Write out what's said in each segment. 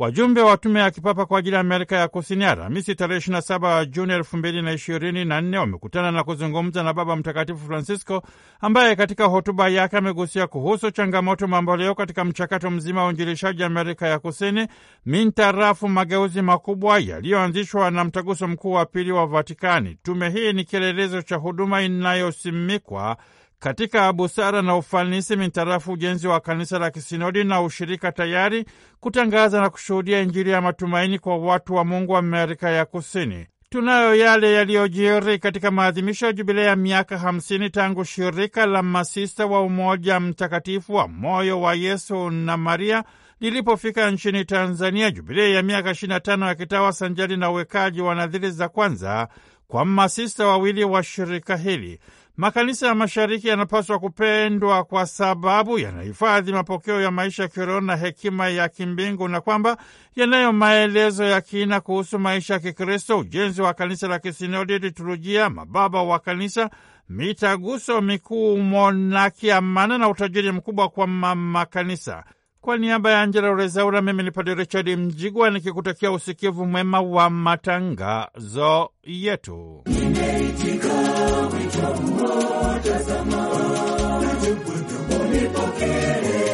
Wajumbe wa tume ya kipapa kwa ajili ya Amerika ya Kusini Alhamisi tarehe 27 Juni 2024 wamekutana na kuzungumza na Baba Mtakatifu Francisco ambaye katika hotuba yake amegusia kuhusu changamoto mamboleo katika mchakato mzima wa uinjilishaji Amerika ya Kusini mintarafu mageuzi makubwa yaliyoanzishwa na Mtaguso Mkuu wa Pili wa Vatikani. Tume hii ni kielelezo cha huduma inayosimikwa katika busara na ufanisi mintarafu ujenzi wa kanisa la kisinodi na ushirika, tayari kutangaza na kushuhudia Injili ya matumaini kwa watu wa Mungu wa Amerika ya Kusini. Tunayo yale yaliyojiri katika maadhimisho ya jubilei ya miaka hamsini tangu shirika la masista wa Umoja Mtakatifu wa Moyo wa Yesu na Maria lilipofika nchini Tanzania, jubilei ya miaka 25 ya kitawa, sanjari na uwekaji wa nadhiri za kwanza kwa masista wawili wa shirika hili. Makanisa ya mashariki yanapaswa kupendwa kwa sababu yanahifadhi mapokeo ya maisha ya kiroho na hekima ya kimbingu na kwamba yanayo maelezo ya kina kuhusu maisha ya Kikristo, ujenzi wa kanisa la kisinodi, liturujia, mababa wa kanisa, mitaguso mikuu, monakiamana na utajiri mkubwa kwa mama kanisa. Kwa niaba ya Angela Rezaura, mimi ni Padre Richard Mjigwa nikikutakia usikivu mwema wa matangazo yetu. Nimeitika wito mmoja zamani, ulipokea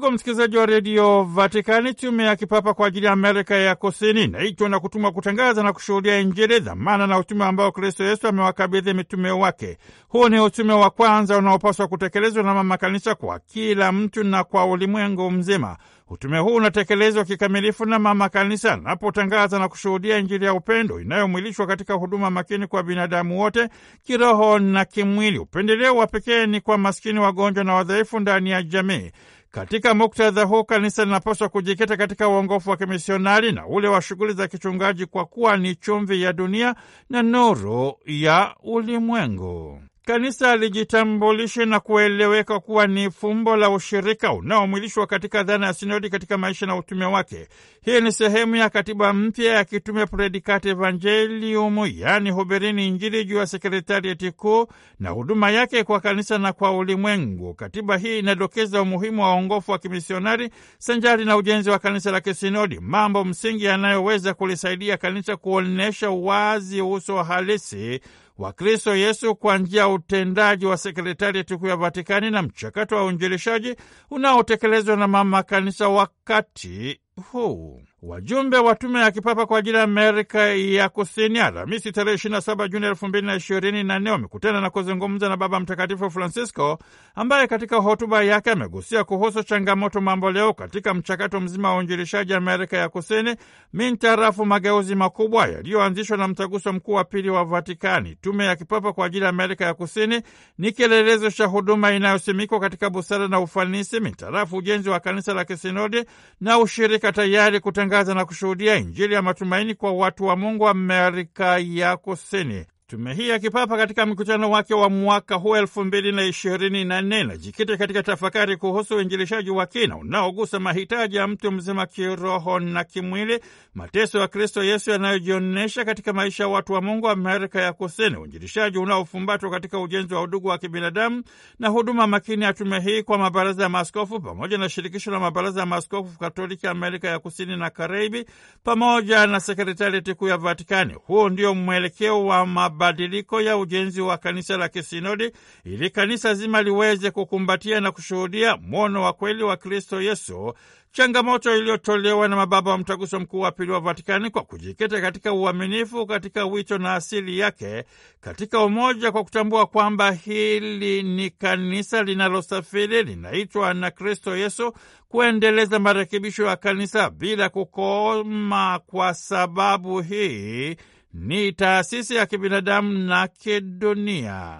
Ndugu msikilizaji wa redio Vatikani, tume ya kipapa kwa ajili ya Amerika ya Kusini inaitwa na kutumwa kutangaza na kushuhudia Injili, dhamana na utume ambao Kristo Yesu amewakabidhi mitume wake. Huu ni utume wa kwanza unaopaswa kutekelezwa na mama kanisa kwa kila mtu na kwa ulimwengu mzima. Utume huu unatekelezwa kikamilifu na mama kanisa anapotangaza na kushuhudia Injili ya upendo inayomwilishwa katika huduma makini kwa binadamu wote, kiroho na kimwili. Upendeleo wa pekee ni kwa maskini, wagonjwa na wadhaifu ndani ya jamii. Katika muktadha huu, kanisa linapaswa kujikita katika uongofu wa kimisionari na ule wa shughuli za kichungaji, kwa kuwa ni chumvi ya dunia na nuru ya ulimwengu. Kanisa lijitambulishe na kueleweka kuwa ni fumbo la ushirika unaomwilishwa katika dhana ya sinodi katika maisha na utume wake. Hii ni sehemu ya katiba mpya ya kitume Predikati Evangeliumu, yaani hubirini Injili, juu ya sekretarieti kuu na huduma yake kwa kanisa na kwa ulimwengu. Katiba hii inadokeza umuhimu wa uongofu wa kimisionari sanjari na ujenzi wa kanisa la kisinodi, mambo msingi yanayoweza kulisaidia kanisa kuonyesha wazi uso halisi wa Kristo Yesu kwa njia ya utendaji wa sekretarieti kuu ya Vatikani na mchakato wa uinjilishaji unaotekelezwa na mama kanisa wakati huu. Wajumbe wa tume ya kipapa kwa ajili ya Amerika ya Kusini Alhamisi tarehe 27 Juni 2024 wamekutana na kuzungumza na Baba Mtakatifu Francisco ambaye katika hotuba yake amegusia kuhusu changamoto mamboleo katika mchakato mzima wa uinjilishaji Amerika ya Kusini mintarafu mageuzi makubwa yaliyoanzishwa na Mtaguso Mkuu wa Pili wa Vatikani. Tume ya kipapa kwa ajili ya Amerika ya Kusini ni kielelezo cha huduma inayosimikwa katika busara na ufanisi mintarafu ujenzi wa kanisa la kisinodi na ushirika tayari kutenga kutangaza na kushuhudia Injili ya matumaini kwa watu wa Mungu wa Amerika ya Kusini. Tume hii ya kipapa katika mkutano wake wa mwaka huu elfu mbili na ishirini na nne inajikita katika tafakari kuhusu uinjilishaji wa kina unaogusa mahitaji ya mtu mzima kiroho na kimwili, mateso ya Kristo Yesu yanayojionyesha katika maisha ya watu wa Mungu Amerika ya Kusini, uinjilishaji unaofumbatwa katika ujenzi wa udugu wa kibinadamu na huduma makini ya tume hii kwa mabaraza ya maaskofu pamoja na shirikisho la mabaraza ya maaskofu Katoliki Amerika ya Kusini na Karaibi pamoja na sekretarieti kuu ya Vatikani. Huu ndio mwelekeo wa mabadiliko ya ujenzi wa kanisa la kisinodi ili kanisa zima liweze kukumbatia na kushuhudia mwono wa kweli wa Kristo Yesu, changamoto iliyotolewa na mababa wa mtaguso mkuu wa pili wa Vatikani kwa kujikita katika uaminifu katika wito na asili yake katika umoja, kwa kutambua kwamba hili ni kanisa linalosafiri linaitwa na Kristo Yesu kuendeleza marekebisho ya kanisa bila kukoma. Kwa sababu hii ni taasisi ya kibinadamu na kidunia.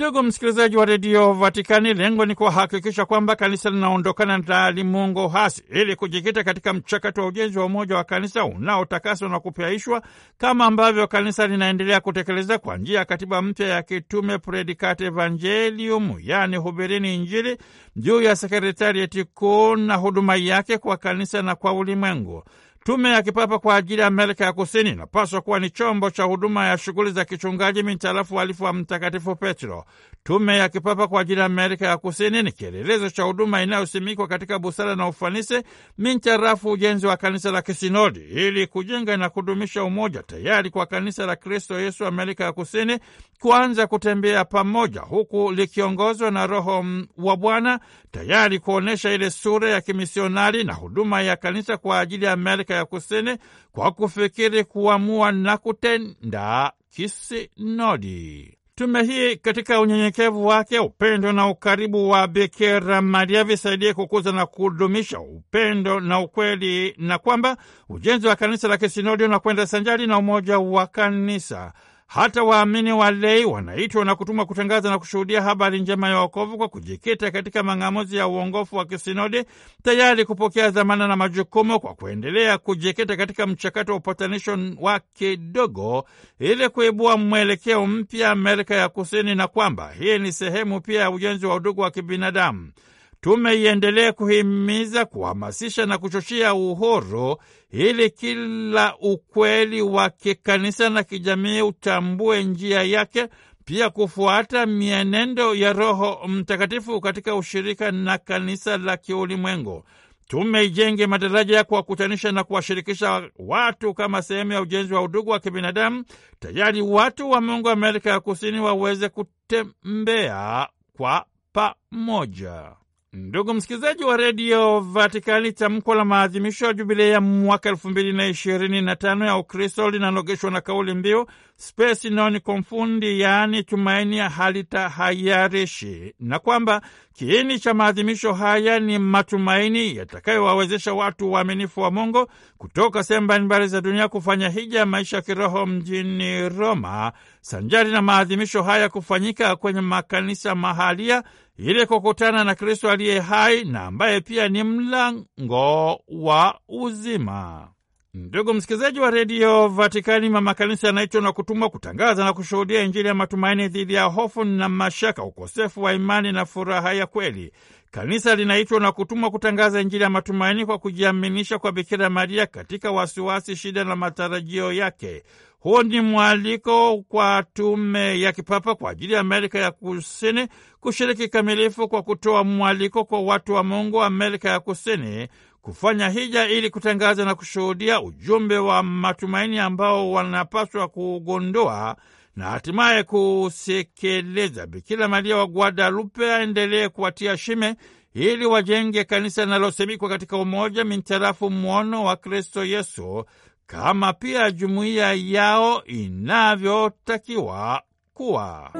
Ndugu msikilizaji wa redio Vatikani, lengo ni kuhakikisha kwamba kanisa linaondokana na limungo hasi ili kujikita katika mchakato wa ujenzi wa umoja wa kanisa unaotakaswa na kupyaishwa, kama ambavyo kanisa linaendelea kutekeleza kwa njia ya katiba mpya ya kitume Predikate Evangelium, yaani hubirini Injili, juu ya sekretarieti kuu na huduma yake kwa kanisa na kwa ulimwengu. Tume ya kipapa kwa ajili ya Amerika ya Kusini inapaswa kuwa ni chombo cha huduma ya shughuli za kichungaji mintarafu uhalifu wa Mtakatifu Petro. Tume ya kipapa kwa ajili ya Amerika ya Kusini ni kielelezo cha huduma inayosimikwa katika busara na ufanisi mintarafu ujenzi wa kanisa la kisinodi, ili kujenga na kudumisha umoja, tayari kwa kanisa la Kristo Yesu Amerika ya Kusini kuanza kutembea pamoja, huku likiongozwa na Roho wa Bwana, tayari kuonyesha ile sura ya kimisionari na huduma ya kanisa kwa ajili ya Amerika Afrika ya Kusini kwa kufikiri, kuamua na kutenda kisinodi. Tume hii katika unyenyekevu wake, upendo na ukaribu wa Bikira Maria visaidie kukuza na kudumisha upendo na ukweli, na kwamba ujenzi wa kanisa la kisinodi unakwenda sanjari na umoja wa kanisa. Hata waamini walei wanaitwa na kutumwa kutangaza na kushuhudia habari njema ya wokovu kwa kujikita katika mang'amuzi ya uongofu wa kisinodi, tayari kupokea dhamana na majukumu kwa kuendelea kujikita katika mchakato wa upatanisho wa kidogo ili kuibua mwelekeo mpya Amerika ya Kusini, na kwamba hii ni sehemu pia ya ujenzi wa udugu wa kibinadamu. Tume iendelee kuhimiza, kuhamasisha na kuchochea uhuru ili kila ukweli wa kikanisa na kijamii utambue njia yake, pia kufuata mienendo ya Roho Mtakatifu katika ushirika na kanisa la kiulimwengu. Tume ijenge madaraja ya kuwakutanisha na kuwashirikisha watu kama sehemu ya ujenzi wa udugu wa kibinadamu, tayari watu wa Mungu Amerika ya Kusini waweze kutembea kwa pamoja. Ndugu msikilizaji wa redio Vatikani, tamko la maadhimisho ya jubilei ya mwaka elfu mbili na ishirini na tano ya Ukristo linanogeshwa na kauli mbiu spes non confundi, yaani tumaini halitahayarishi, na kwamba kiini cha maadhimisho haya ni matumaini yatakayowawezesha watu waaminifu wa Mungu kutoka sehemu mbalimbali za dunia kufanya hija ya maisha ya kiroho mjini Roma, sanjari na maadhimisho haya kufanyika kwenye makanisa mahalia ili kukutana na Kristo aliye hai na ambaye pia ni mlango wa uzima. Ndugu msikilizaji wa redio Vatikani, mama kanisa yanaitwa na kutumwa kutangaza na kushuhudia Injili ya matumaini dhidi ya hofu na mashaka, ukosefu wa imani na furaha ya kweli. Kanisa linaitwa na kutumwa kutangaza Injili ya matumaini kwa kujiaminisha kwa Bikira Maria katika wasiwasi, shida na matarajio yake. huu ni mwaliko kwa tume ya kipapa kwa ajili ya Amerika ya Kusini kushiriki kikamilifu kwa kutoa mwaliko kwa watu wa Mungu wa Amerika ya Kusini kufanya hija ili kutangaza na kushuhudia ujumbe wa matumaini ambao wanapaswa kugondoa na hatimaye kuusekeleza. Bikira Maria wa Guadalupe aendelee kuwatia shime ili wajenge kanisa linalosemikwa katika umoja mintarafu mwono wa Kristo Yesu, kama pia jumuiya yao inavyotakiwa kuwa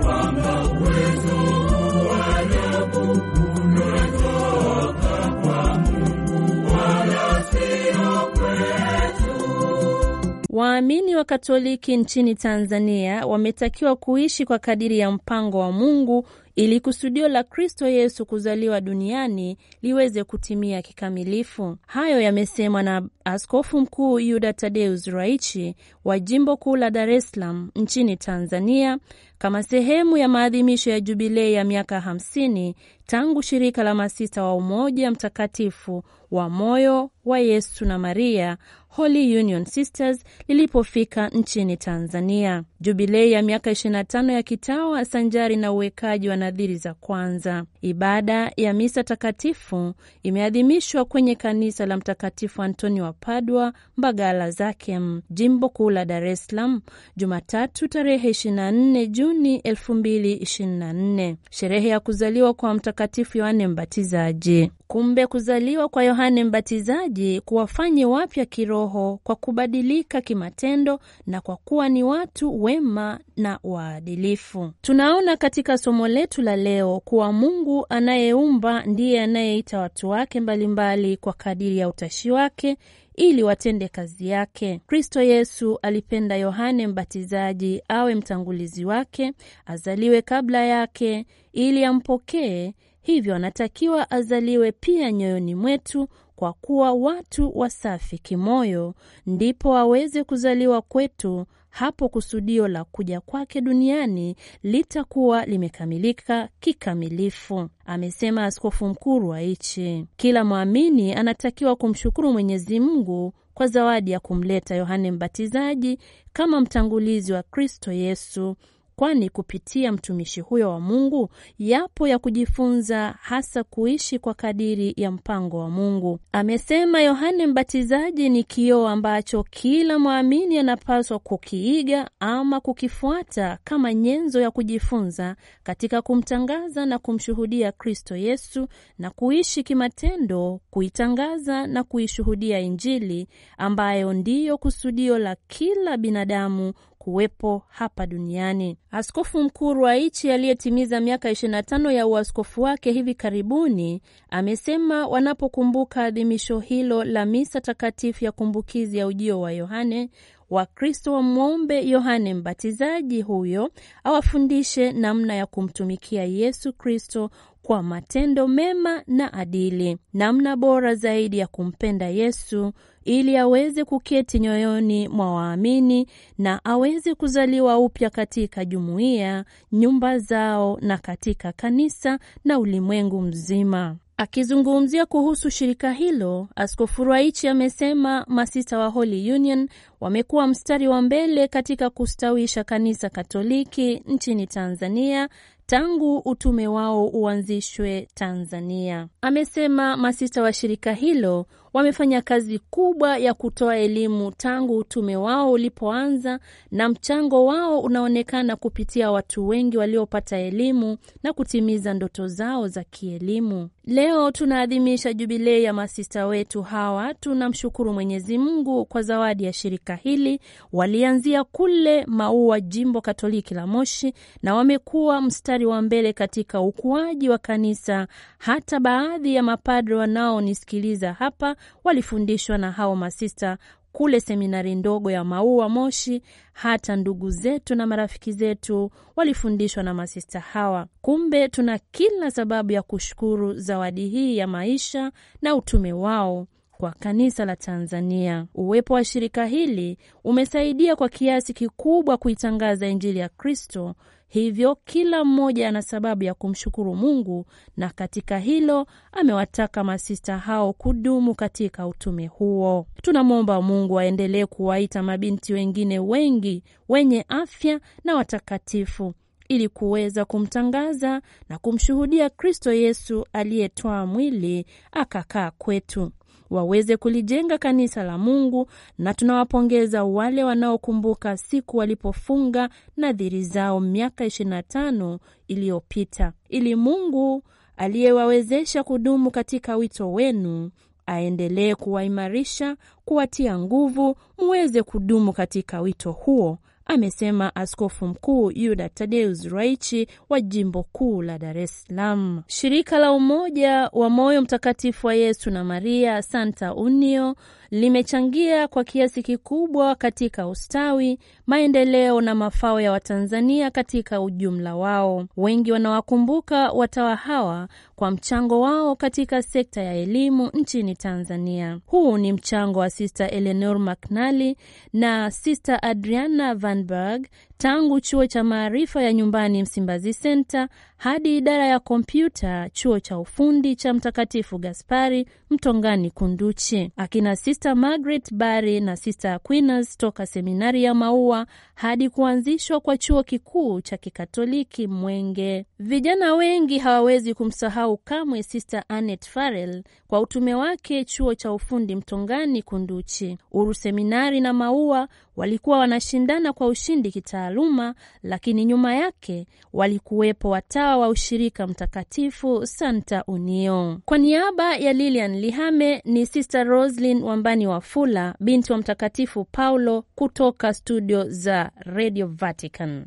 Waamini wa Katoliki nchini Tanzania wametakiwa kuishi kwa kadiri ya mpango wa Mungu ili kusudio la Kristo Yesu kuzaliwa duniani liweze kutimia kikamilifu. Hayo yamesemwa na Askofu Mkuu Yuda Tadeus raichi wa Jimbo Kuu la Dar es Salaam nchini Tanzania kama sehemu ya maadhimisho ya Jubilei ya miaka 50 tangu shirika la masista wa umoja mtakatifu wa moyo wa Yesu na Maria Holy Union Sisters lilipofika nchini Tanzania. Jubilei ya miaka 25 ya kitawa sanjari na uwekaji wa nadhiri za kwanza, ibada ya misa takatifu imeadhimishwa kwenye kanisa la Mtakatifu Antoni wa Padua, Mbagala Zakem, jimbo kuu la Dar es Salaam, Jumatatu tarehe 24 Juni 2024. Sherehe ya kuzaliwa kwa mtakatifu Mtakatifu Yohane Mbatizaji. Kumbe kuzaliwa kwa Yohane Mbatizaji kuwafanye wapya kiroho kwa kubadilika kimatendo na kwa kuwa ni watu wema na waadilifu. Tunaona katika somo letu la leo kuwa Mungu anayeumba ndiye anayeita watu wake mbalimbali mbali kwa kadiri ya utashi wake ili watende kazi yake. Kristo Yesu alipenda Yohane Mbatizaji awe mtangulizi wake, azaliwe kabla yake ili ampokee hivyo anatakiwa azaliwe pia nyoyoni mwetu kwa kuwa watu wasafi kimoyo, ndipo aweze kuzaliwa kwetu. Hapo kusudio la kuja kwake duniani litakuwa limekamilika kikamilifu, amesema askofu mkuu Ruwaichi. Kila mwamini anatakiwa kumshukuru Mwenyezi Mungu kwa zawadi ya kumleta Yohane Mbatizaji kama mtangulizi wa Kristo Yesu kwani kupitia mtumishi huyo wa Mungu yapo ya kujifunza, hasa kuishi kwa kadiri ya mpango wa Mungu. Amesema Yohane Mbatizaji ni kioo ambacho kila mwamini anapaswa kukiiga ama kukifuata kama nyenzo ya kujifunza katika kumtangaza na kumshuhudia Kristo Yesu na kuishi kimatendo, kuitangaza na kuishuhudia Injili ambayo ndiyo kusudio la kila binadamu kuwepo hapa duniani. Askofu mkuu Ruwa'ichi aliyetimiza miaka 25 ya uaskofu wake hivi karibuni amesema wanapokumbuka adhimisho hilo la misa takatifu ya kumbukizi ya ujio wa Yohane, Wakristo wamwombe Yohane Mbatizaji huyo awafundishe namna ya kumtumikia Yesu Kristo kwa matendo mema na adili, namna bora zaidi ya kumpenda Yesu ili aweze kuketi nyoyoni mwa waamini na aweze kuzaliwa upya katika jumuiya, nyumba zao na katika kanisa na ulimwengu mzima. Akizungumzia kuhusu shirika hilo, Askofu Ruwa'ichi amesema masista wa Holy Union wamekuwa mstari wa mbele katika kustawisha kanisa Katoliki nchini Tanzania tangu utume wao uanzishwe Tanzania. Amesema masista wa shirika hilo wamefanya kazi kubwa ya kutoa elimu tangu utume wao ulipoanza, na mchango wao unaonekana kupitia watu wengi waliopata elimu na kutimiza ndoto zao za kielimu. Leo tunaadhimisha jubilei ya masista wetu hawa. Tunamshukuru Mwenyezi Mungu kwa zawadi ya shirika hili. Walianzia kule Maua, jimbo Katoliki la Moshi, na wamekuwa mstari wa mbele katika ukuaji wa kanisa. Hata baadhi ya mapadre wanaonisikiliza hapa walifundishwa na hao masista kule seminari ndogo ya Maua Moshi. Hata ndugu zetu na marafiki zetu walifundishwa na masista hawa. Kumbe tuna kila sababu ya kushukuru zawadi hii ya maisha na utume wao kwa kanisa la Tanzania. Uwepo wa shirika hili umesaidia kwa kiasi kikubwa kuitangaza Injili ya Kristo Hivyo kila mmoja ana sababu ya kumshukuru Mungu, na katika hilo amewataka masista hao kudumu katika utume huo. Tunamwomba Mungu aendelee kuwaita mabinti wengine wengi wenye afya na watakatifu ili kuweza kumtangaza na kumshuhudia Kristo Yesu aliyetwaa mwili akakaa kwetu waweze kulijenga kanisa la Mungu, na tunawapongeza wale wanaokumbuka siku walipofunga nadhiri zao miaka 25 iliyopita, ili Mungu aliyewawezesha kudumu katika wito wenu aendelee kuwaimarisha, kuwatia nguvu, muweze kudumu katika wito huo amesema Askofu Mkuu Yuda Tadeus raichi wa jimbo kuu la Dar es Salaam. Shirika la Umoja wa Moyo Mtakatifu wa Yesu na Maria Santa Unio limechangia kwa kiasi kikubwa katika ustawi, maendeleo na mafao ya Watanzania katika ujumla wao. Wengi wanawakumbuka watawa hawa kwa mchango wao katika sekta ya elimu nchini Tanzania. Huu ni mchango wa Sister Eleanor McNally na Sister Adriana Vanberg tangu chuo cha maarifa ya nyumbani Msimbazi Senta hadi idara ya kompyuta chuo cha ufundi cha Mtakatifu Gaspari Mtongani Kunduchi, akina Sister Margaret bary na Sister Aquinas toka seminari ya Maua hadi kuanzishwa kwa chuo kikuu cha kikatoliki Mwenge. Vijana wengi hawawezi kumsahau kamwe Sister Anet Farel kwa utume wake chuo cha ufundi Mtongani Kunduchi, Uru seminari na Maua walikuwa wanashindana kwa ushindi kitaaluma, lakini nyuma yake walikuwepo watawa wa ushirika mtakatifu Santa Unio. Kwa niaba ya Lilian Lihame ni Sister Roslin Wambani wa fula binti wa Mtakatifu Paulo, kutoka studio za Radio Vatican.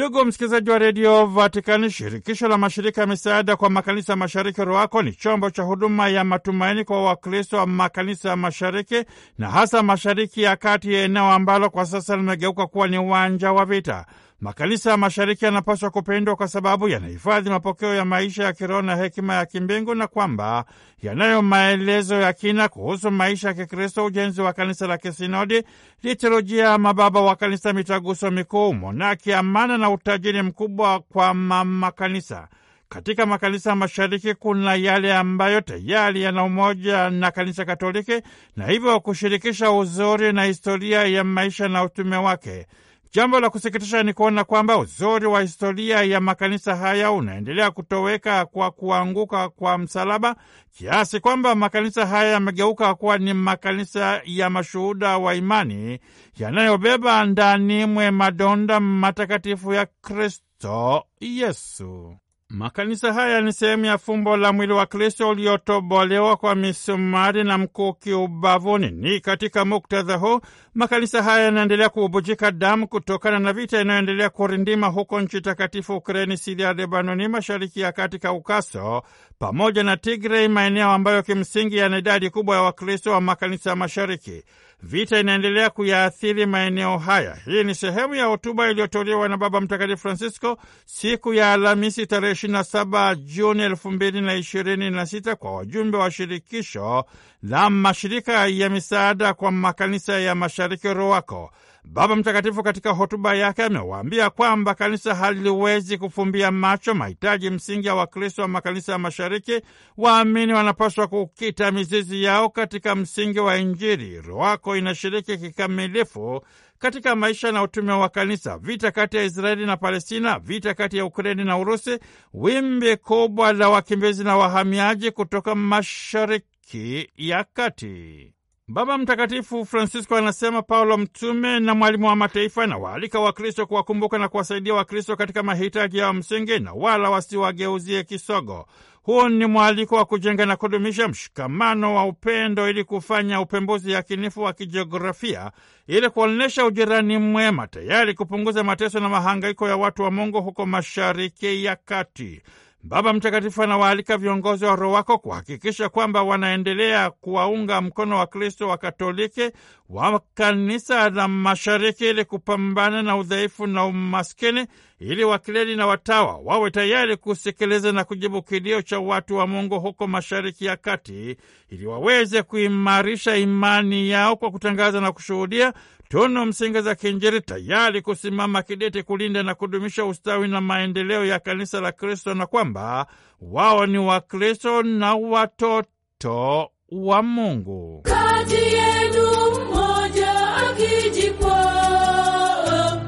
Ndugu msikilizaji wa redio Vatikani, shirikisho la mashirika ya misaada kwa makanisa mashariki ROACO ni chombo cha huduma ya matumaini kwa Wakristo wa makanisa ya mashariki na hasa mashariki ya kati, ya eneo ambalo kwa sasa limegeuka kuwa ni uwanja wa vita. Makanisa ya mashariki yanapaswa kupendwa kwa sababu yanahifadhi mapokeo ya maisha ya kiroho na hekima ya kimbingu na kwamba yanayo maelezo ya kina kuhusu maisha ya Kikristo, ujenzi wa kanisa la kisinodi, liturujia ya mababa wa kanisa, mitaguso mikuu, monaki, amana na utajiri mkubwa kwa mama kanisa. Katika makanisa mashariki kuna yale ambayo tayari yana umoja na kanisa Katoliki na hivyo kushirikisha uzuri na historia ya maisha na utume wake. Jambo la kusikitisha ni kuona kwamba uzuri wa historia ya makanisa haya unaendelea kutoweka kwa kuanguka kwa msalaba, kiasi kwamba makanisa haya yamegeuka kuwa ni makanisa ya mashuhuda wa imani yanayobeba ndani mwe madonda matakatifu ya Kristo Yesu. Makanisa haya ni sehemu ya fumbo la mwili wa Kristo uliotobolewa kwa misumari na mkuki ubavuni. Ni katika muktadha huu makanisa haya yanaendelea kuubujika damu kutokana na vita inayoendelea kurindima huko nchi takatifu Ukreni, Siria, Lebanoni, mashariki ya kati, Kaukaso pamoja na Tigrei, maeneo ambayo kimsingi yana idadi kubwa ya Wakristo wa makanisa ya mashariki vita inaendelea kuyaathiri maeneo haya. Hii ni sehemu ya hotuba iliyotolewa na Baba Mtakatifu Francisco siku ya Alhamisi tarehe 27 Juni 2026 kwa wajumbe wa shirikisho la mashirika ya misaada kwa makanisa ya mashariki ROACO. Baba Mtakatifu katika hotuba yake amewaambia kwamba kanisa haliwezi kufumbia macho mahitaji msingi ya Wakristo wa makanisa ya Mashariki. Waamini wanapaswa kukita mizizi yao katika msingi wa Injili. ROACO inashiriki kikamilifu katika maisha na utume wa kanisa. Vita kati ya Israeli na Palestina, vita kati ya Ukraini na Urusi, wimbi kubwa la wakimbizi na wahamiaji kutoka Mashariki ya Kati. Baba Mtakatifu Francisco anasema Paulo mtume na mwalimu wa mataifa na waalika Wakristo kuwakumbuka na kuwasaidia Wakristo katika mahitaji ya msingi na wala wasiwageuzie kisogo. huu ni mwaliko wa kujenga na kudumisha mshikamano wa upendo ili kufanya upembuzi yakinifu wa kijiografia ili kuonyesha ujirani mwema, tayari kupunguza mateso na mahangaiko ya watu wa Mungu huko Mashariki ya Kati. Baba Mtakatifu anawaalika viongozi wa ROWAKO kuhakikisha kwamba wanaendelea kuwaunga mkono wa Kristo wa Katoliki wa kanisa la Mashariki ili kupambana na udhaifu na umaskini, ili wakileli na watawa wawe tayari kusikiliza na kujibu kilio cha watu wa Mungu huko Mashariki ya Kati, ili waweze kuimarisha imani yao kwa kutangaza na kushuhudia tunu msingi za Kiinjili, tayari kusimama kidete kulinda na kudumisha ustawi na maendeleo ya kanisa la Kristo, na kwamba wao ni Wakristo na watoto wa Mungu. Kati yenu mmoja akijikwaa,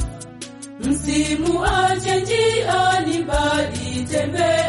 msimuache njiani, bali tembea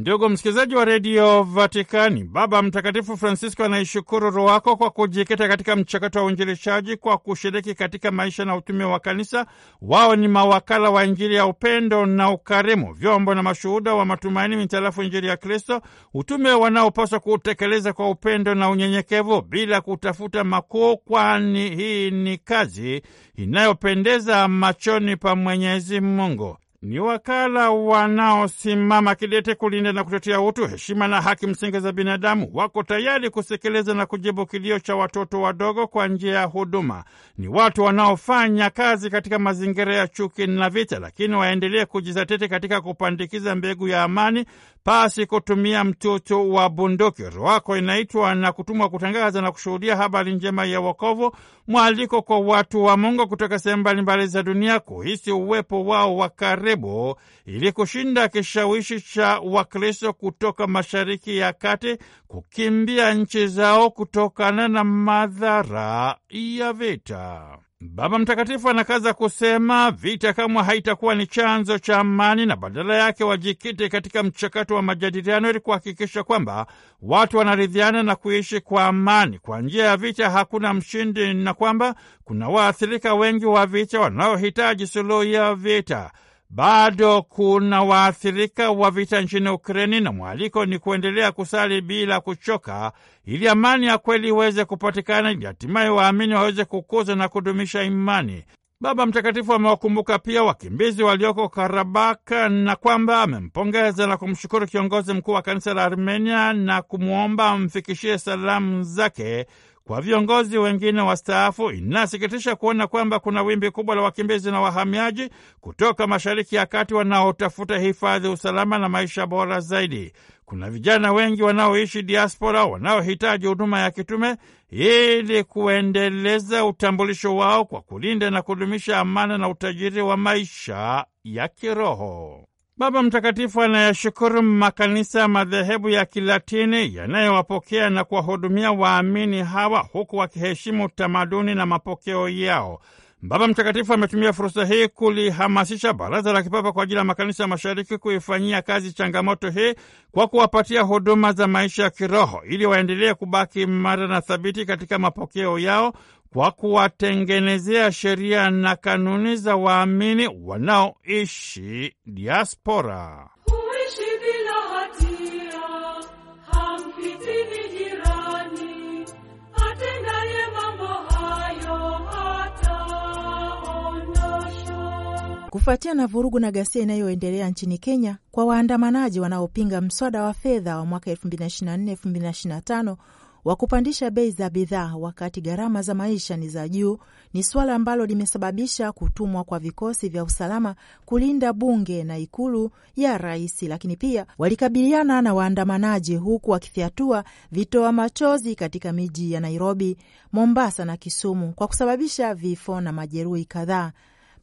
Ndugu msikilizaji wa redio Vatikani, Baba Mtakatifu Francisco anaishukuru ruwako kwa kujikita katika mchakato wa uinjilishaji kwa kushiriki katika maisha na utume wa kanisa. Wao ni mawakala wa Injili ya upendo na ukarimu, vyombo na mashuhuda wa matumaini mitarafu Injili ya Kristo, utume wanaopaswa kuutekeleza kwa upendo na unyenyekevu bila kutafuta makuu, kwani hii ni kazi inayopendeza machoni pa Mwenyezi Mungu ni wakala wanaosimama kidete kulinda na kutetea utu, heshima na haki msingi za binadamu. Wako tayari kusikiliza na kujibu kilio cha watoto wadogo kwa njia ya huduma. Ni watu wanaofanya kazi katika mazingira ya chuki na vita, lakini waendelee kujizatiti katika kupandikiza mbegu ya amani pasi kutumia mtutu wa bunduki. Roho yako inaitwa na kutumwa kutangaza na kushuhudia habari njema ya wokovu, mwaliko kwa watu wa Mungu kutoka sehemu mbalimbali za dunia kuhisi uwepo wao wa karibu, ili kushinda kishawishi cha Wakristo kutoka Mashariki ya Kati kukimbia nchi zao kutokana na madhara ya vita. Baba Mtakatifu anakaza kusema vita kamwe haitakuwa ni chanzo cha amani, na badala yake wajikite katika mchakato wa majadiliano ili kuhakikisha kwamba watu wanaridhiana na kuishi kwa amani. Kwa njia ya vita hakuna mshindi, na kwamba kuna waathirika wengi wa vita wanaohitaji suluhu ya vita bado kuna waathirika wa vita nchini Ukreni na mwaliko ni kuendelea kusali bila kuchoka, ili amani ya kweli iweze kupatikana, ili hatimaye waamini waweze kukuza na kudumisha imani. Baba Mtakatifu amewakumbuka pia wakimbizi walioko Karabaka na kwamba amempongeza na kumshukuru kiongozi mkuu wa kanisa la Armenia na kumwomba amfikishie salamu zake kwa viongozi wengine wastaafu. Inasikitisha kuona kwamba kuna wimbi kubwa la wakimbizi na wahamiaji kutoka Mashariki ya Kati wanaotafuta hifadhi, usalama na maisha bora zaidi. Kuna vijana wengi wanaoishi diaspora wanaohitaji huduma ya kitume ili kuendeleza utambulisho wao kwa kulinda na kudumisha amana na utajiri wa maisha ya kiroho. Baba Mtakatifu anayashukuru makanisa madhehebu ya Kilatini yanayowapokea na kuwahudumia waamini hawa huku wakiheshimu tamaduni na mapokeo yao. Baba Mtakatifu ametumia fursa hii kulihamasisha Baraza la Kipapa kwa ajili ya makanisa ya mashariki kuifanyia kazi changamoto hii kwa kuwapatia huduma za maisha ya kiroho ili waendelee kubaki imara na thabiti katika mapokeo yao, kwa kuwatengenezea sheria na kanuni za waamini wanaoishi diaspora. Kufuatia na vurugu na ghasia inayoendelea nchini Kenya kwa waandamanaji wanaopinga mswada wa fedha wa mwaka 2024/2025 wa kupandisha bei za bidhaa wakati gharama za maisha ni za juu ni suala ambalo limesababisha kutumwa kwa vikosi vya usalama kulinda bunge na ikulu ya rais, lakini pia walikabiliana na waandamanaji huku wakifyatua vitoa machozi katika miji ya Nairobi, Mombasa na Kisumu kwa kusababisha vifo na majeruhi kadhaa.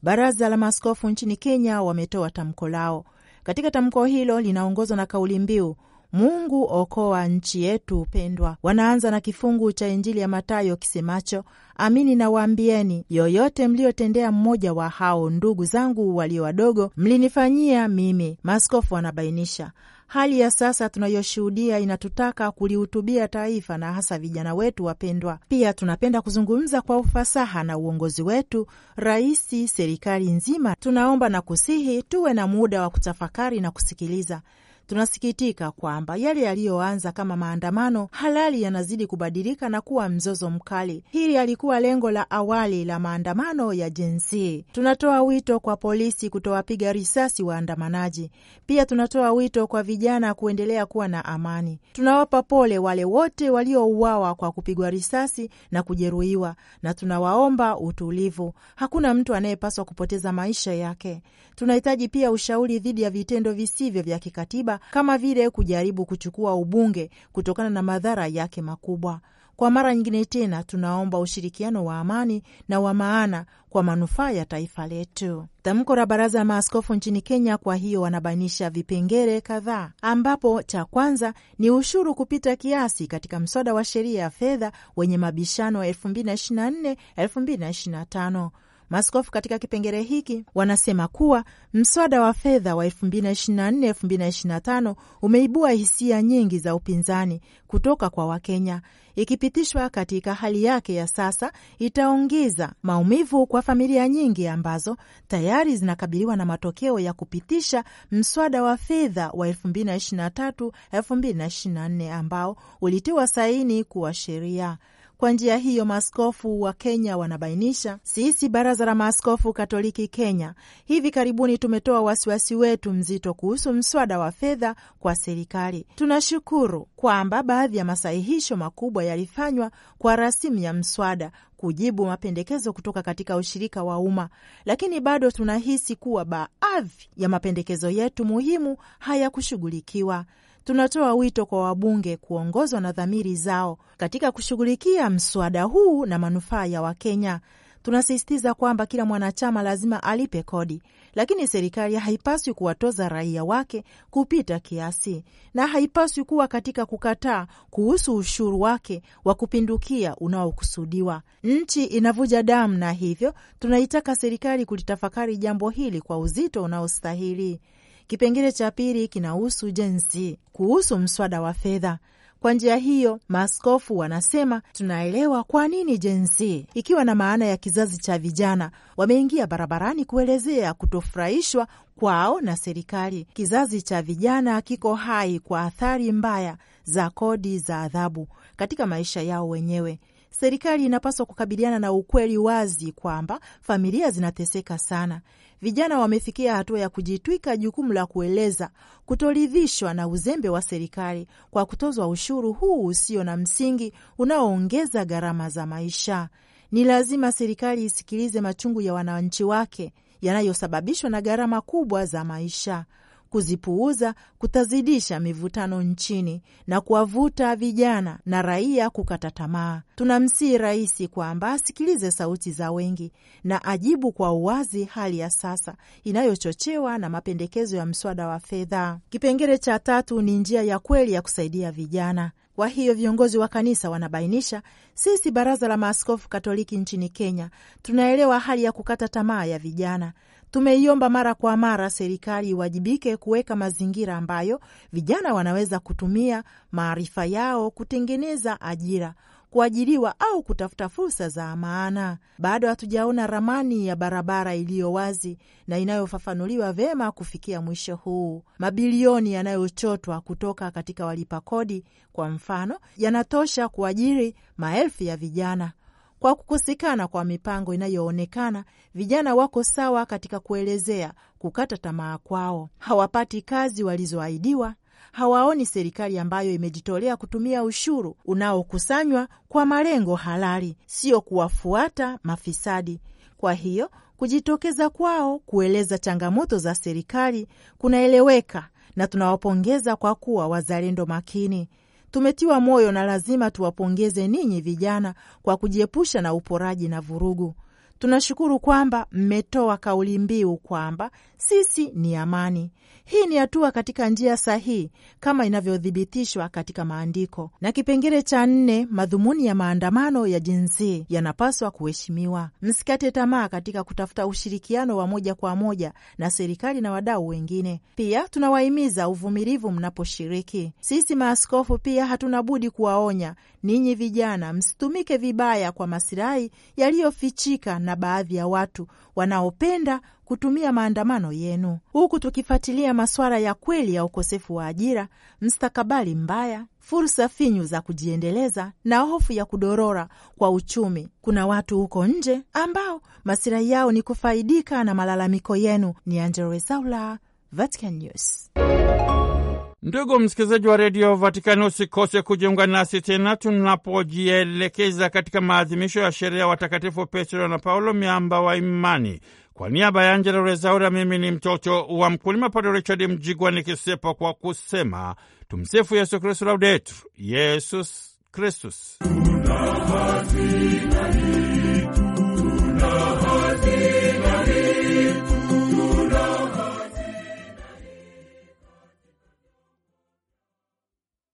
Baraza la Maaskofu nchini Kenya wametoa tamko lao. Katika tamko hilo linaongozwa na kauli mbiu Mungu okoa nchi yetu pendwa. Wanaanza na kifungu cha Injili ya matayo kisemacho, amini nawaambieni, yoyote mliyotendea mmoja wa hao ndugu zangu walio wadogo, mlinifanyia mimi. maskofu wanabainisha hali ya sasa tunayoshuhudia inatutaka kulihutubia taifa na hasa vijana wetu wapendwa. Pia tunapenda kuzungumza kwa ufasaha na uongozi wetu, raisi, serikali nzima. Tunaomba na kusihi tuwe na muda wa kutafakari na kusikiliza Tunasikitika kwamba yale yaliyoanza kama maandamano halali yanazidi kubadilika na kuwa mzozo mkali. Hili alikuwa lengo la awali la maandamano ya jinsi. Tunatoa wito kwa polisi kutowapiga risasi waandamanaji. Pia tunatoa wito kwa vijana kuendelea kuwa na amani. Tunawapa pole wale wote waliouawa kwa kupigwa risasi na kujeruhiwa, na tunawaomba utulivu. Hakuna mtu anayepaswa kupoteza maisha yake. Tunahitaji pia ushauri dhidi ya vitendo visivyo vya kikatiba kama vile kujaribu kuchukua ubunge kutokana na madhara yake makubwa. Kwa mara nyingine tena tunaomba ushirikiano wa amani na wa maana kwa manufaa ya taifa letu. Tamko la Baraza la Maaskofu nchini Kenya kwa hiyo wanabainisha vipengele kadhaa, ambapo cha kwanza ni ushuru kupita kiasi katika mswada wa sheria ya fedha wenye mabishano 2024 2025 maskofu katika kipengele hiki wanasema kuwa mswada wa fedha wa 2024 2025 umeibua hisia nyingi za upinzani kutoka kwa Wakenya. Ikipitishwa katika hali yake ya sasa, itaongeza maumivu kwa familia nyingi ambazo tayari zinakabiliwa na matokeo ya kupitisha mswada wa fedha wa 2023 2024 ambao ulitiwa saini kuwa sheria. Kwa njia hiyo, maaskofu wa Kenya wanabainisha, sisi Baraza la Maaskofu Katoliki Kenya hivi karibuni tumetoa wasiwasi wetu mzito kuhusu mswada wa fedha kwa serikali. Tunashukuru kwamba baadhi ya masahihisho makubwa yalifanywa kwa rasimu ya mswada kujibu mapendekezo kutoka katika ushirika wa umma, lakini bado tunahisi kuwa baadhi ya mapendekezo yetu muhimu hayakushughulikiwa tunatoa wito kwa wabunge kuongozwa na dhamiri zao katika kushughulikia mswada huu na manufaa ya Wakenya. Tunasisitiza kwamba kila mwanachama lazima alipe kodi, lakini serikali haipaswi kuwatoza raia wake kupita kiasi na haipaswi kuwa katika kukataa kuhusu ushuru wake wa kupindukia unaokusudiwa. Nchi inavuja damu, na hivyo tunaitaka serikali kulitafakari jambo hili kwa uzito unaostahili. Kipengele cha pili kinahusu jinsi kuhusu mswada wa fedha. Kwa njia hiyo, maaskofu wanasema tunaelewa kwa nini jens ikiwa na maana ya kizazi cha vijana, wameingia barabarani kuelezea kutofurahishwa kwao na serikali. Kizazi cha vijana kiko hai kwa athari mbaya za kodi za adhabu katika maisha yao wenyewe. Serikali inapaswa kukabiliana na ukweli wazi kwamba familia zinateseka sana. Vijana wamefikia hatua ya kujitwika jukumu la kueleza kutoridhishwa na uzembe wa serikali kwa kutozwa ushuru huu usio na msingi unaoongeza gharama za maisha. Ni lazima serikali isikilize machungu ya wananchi wake yanayosababishwa na gharama kubwa za maisha. Kuzipuuza kutazidisha mivutano nchini na kuwavuta vijana na raia kukata tamaa. Tunamsihi rais kwamba asikilize sauti za wengi na ajibu kwa uwazi hali ya sasa inayochochewa na mapendekezo ya mswada wa fedha. Kipengele cha tatu ni njia ya kweli ya kusaidia vijana. Kwa hiyo viongozi wa kanisa wanabainisha, sisi Baraza la Maaskofu Katoliki nchini Kenya tunaelewa hali ya kukata tamaa ya vijana Tumeiomba mara kwa mara serikali iwajibike kuweka mazingira ambayo vijana wanaweza kutumia maarifa yao kutengeneza ajira, kuajiriwa au kutafuta fursa za maana. Bado hatujaona ramani ya barabara iliyo wazi na inayofafanuliwa vema kufikia mwisho huu. Mabilioni yanayochotwa kutoka katika walipa kodi, kwa mfano, yanatosha kuajiri maelfu ya vijana kwa kukosekana kwa mipango inayoonekana, vijana wako sawa katika kuelezea kukata tamaa kwao. Hawapati kazi walizoahidiwa, hawaoni serikali ambayo imejitolea kutumia ushuru unaokusanywa kwa malengo halali, sio kuwafuata mafisadi. Kwa hiyo kujitokeza kwao kueleza changamoto za serikali kunaeleweka na tunawapongeza kwa kuwa wazalendo makini. Tumetiwa moyo na lazima tuwapongeze ninyi vijana kwa kujiepusha na uporaji na vurugu. Tunashukuru kwamba mmetoa kauli mbiu kwamba sisi ni amani. Hii ni hatua katika njia sahihi kama inavyothibitishwa katika Maandiko. Na kipengele cha nne, madhumuni ya maandamano ya jinsia yanapaswa kuheshimiwa. Msikate tamaa katika kutafuta ushirikiano wa moja kwa moja na serikali na wadau wengine. Pia tunawahimiza uvumilivu mnaposhiriki. Sisi maaskofu pia hatuna budi kuwaonya ninyi vijana, msitumike vibaya kwa masilahi yaliyofichika na baadhi ya watu wanaopenda kutumia maandamano yenu, huku tukifuatilia masuala ya kweli ya ukosefu wa ajira, mstakabali mbaya, fursa finyu za kujiendeleza na hofu ya kudorora kwa uchumi. Kuna watu huko nje ambao masilahi yao ni kufaidika na malalamiko yenu. Ni Angella Rwezaula, Vatican News. Ndugu msikilizaji wa redio Vatikani, usikose kujiunga nasi tena tunapojielekeza katika maadhimisho ya sherehe ya watakatifu Petro na Paulo, miamba wa imani. Kwa niaba ya Angela Rezaura, mimi ni mtoto wa mkulima Padre Richard Mjigwa nikisepa kwa kusema tumsifu Yesu Kristu, laudetur Yesus Kristus.